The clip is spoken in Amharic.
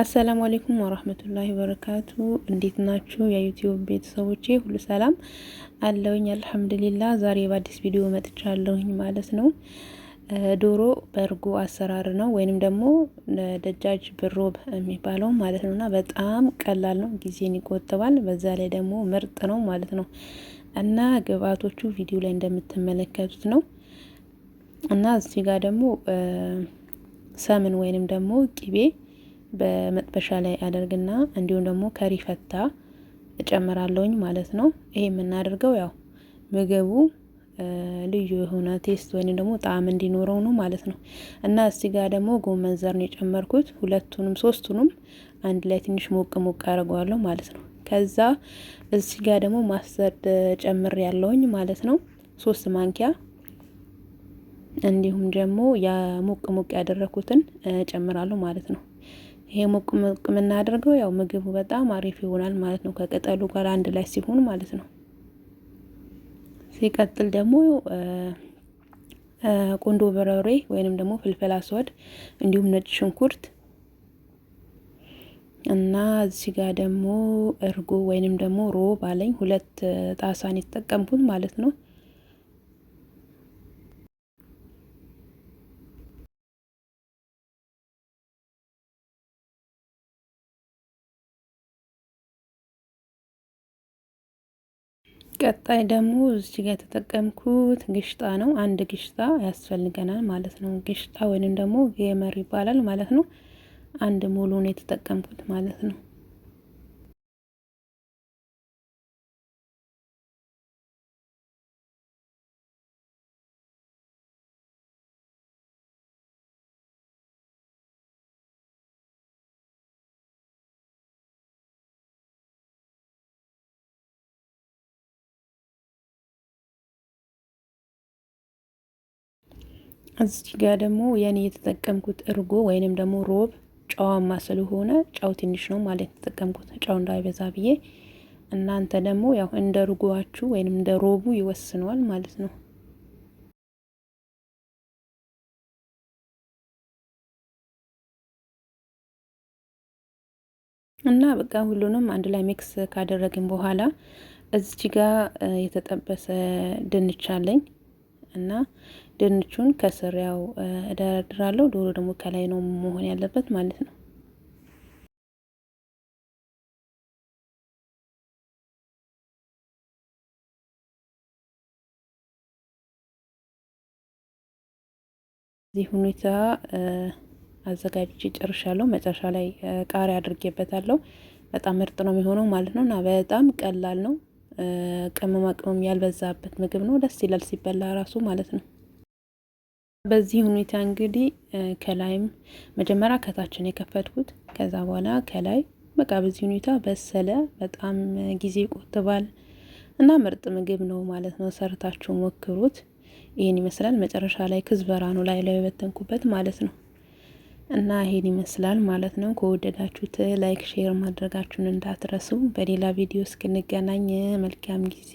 አሰላሙ አሌይኩም ወራህመቱላሂ ወበረካቱ። እንዴት ናችሁ የዩቲዩብ ቤተሰቦቼ? ሁሉ ሰላም አለውኝ አልሐምዱሊላ። ዛሬ በአዲስ ቪዲዮ መጥቻለሁኝ ማለት ነው። ዶሮ በእርጎ አሰራር ነው ወይንም ደግሞ ደጃጅ ብሮብ የሚባለው ማለት ነውና በጣም ቀላል ነው፣ ጊዜን ይቆጥባል። በዛ ላይ ደግሞ ምርጥ ነው ማለት ነው እና ግብአቶቹ ቪዲዮ ላይ እንደምትመለከቱት ነው እና እዚህ ጋር ደግሞ ሰምን ወይንም ደግሞ ቂቤ በመጥበሻ ላይ አደርግና እንዲሁም ደግሞ ከሪፈታ እጨምራለሁኝ ማለት ነው። ይሄ የምናደርገው ያው ምግቡ ልዩ የሆነ ቴስት ወይም ደግሞ ጣዕም እንዲኖረው ነው ማለት ነው። እና እዚህ ጋር ደግሞ ጎመን ዘር ነው የጨመርኩት። ሁለቱንም ሶስቱንም አንድ ላይ ትንሽ ሞቅ ሞቅ አድርገዋለሁ ማለት ነው። ከዛ እዚህ ጋር ደግሞ ማስተርድ ጨምር ያለውኝ ማለት ነው። ሶስት ማንኪያ እንዲሁም ደግሞ ያ ሞቅ ሞቅ ያደረኩትን ጨምራለሁ ማለት ነው። ይሄ ሞቅ ሞቅ የምናደርገው ያው ምግቡ በጣም አሪፍ ይሆናል ማለት ነው፣ ከቅጠሉ ጋር አንድ ላይ ሲሆን ማለት ነው። ሲቀጥል ደግሞ ቁንዶ በረሬ ወይንም ደግሞ ፍልፍል አስወድ እንዲሁም ነጭ ሽንኩርት እና እዚህ ጋር ደግሞ እርጎ ወይንም ደግሞ ሮ ባለኝ ሁለት ጣሳን የተጠቀምኩት ማለት ነው። ቀጣይ ደግሞ እዚህ ጋር የተጠቀምኩት ግሽጣ ነው። አንድ ግሽጣ ያስፈልገናል ማለት ነው። ግሽጣ ወይንም ደግሞ ቬመር ይባላል ማለት ነው። አንድ ሙሉ ነው የተጠቀምኩት ማለት ነው። እዚህ ጋር ደግሞ የኔ የተጠቀምኩት እርጎ ወይንም ደግሞ ሮብ ጨዋማ ስለሆነ ጨው ትንሽ ነው ማለት የተጠቀምኩት ጨው እንዳይበዛ ብዬ። እናንተ ደግሞ ያው እንደ እርጎዋችሁ ወይንም እንደ ሮቡ ይወስነዋል ማለት ነው። እና በቃ ሁሉንም አንድ ላይ ሚክስ ካደረግን በኋላ እዚች ጋ የተጠበሰ ድንች አለኝ። እና ድንቹን ከስር ያው እደረድራለሁ። ዶሮ ደግሞ ከላይ ነው መሆን ያለበት ማለት ነው። እዚህ ሁኔታ አዘጋጅቼ ጨርሻለሁ። መጨረሻ ላይ ቃሪያ አድርጌበታለሁ። በጣም ምርጥ ነው የሚሆነው ማለት ነው እና በጣም ቀላል ነው። ቅመማ ቅመም ያልበዛበት ምግብ ነው። ደስ ይላል ሲበላ ራሱ ማለት ነው። በዚህ ሁኔታ እንግዲህ ከላይም መጀመሪያ ከታችን የከፈትኩት ከዛ በኋላ ከላይ በቃ በዚህ ሁኔታ በሰለ። በጣም ጊዜ ይቆጥባል እና ምርጥ ምግብ ነው ማለት ነው። ሰርታችሁ ሞክሩት። ይህን ይመስላል። መጨረሻ ላይ ክዝበራ ነው ላይ ላይ የበተንኩበት ማለት ነው። እና ይሄን ይመስላል ማለት ነው። ከወደዳችሁት ላይክ፣ ሼር ማድረጋችሁን እንዳትረሱ። በሌላ ቪዲዮ እስክንገናኝ መልካም ጊዜ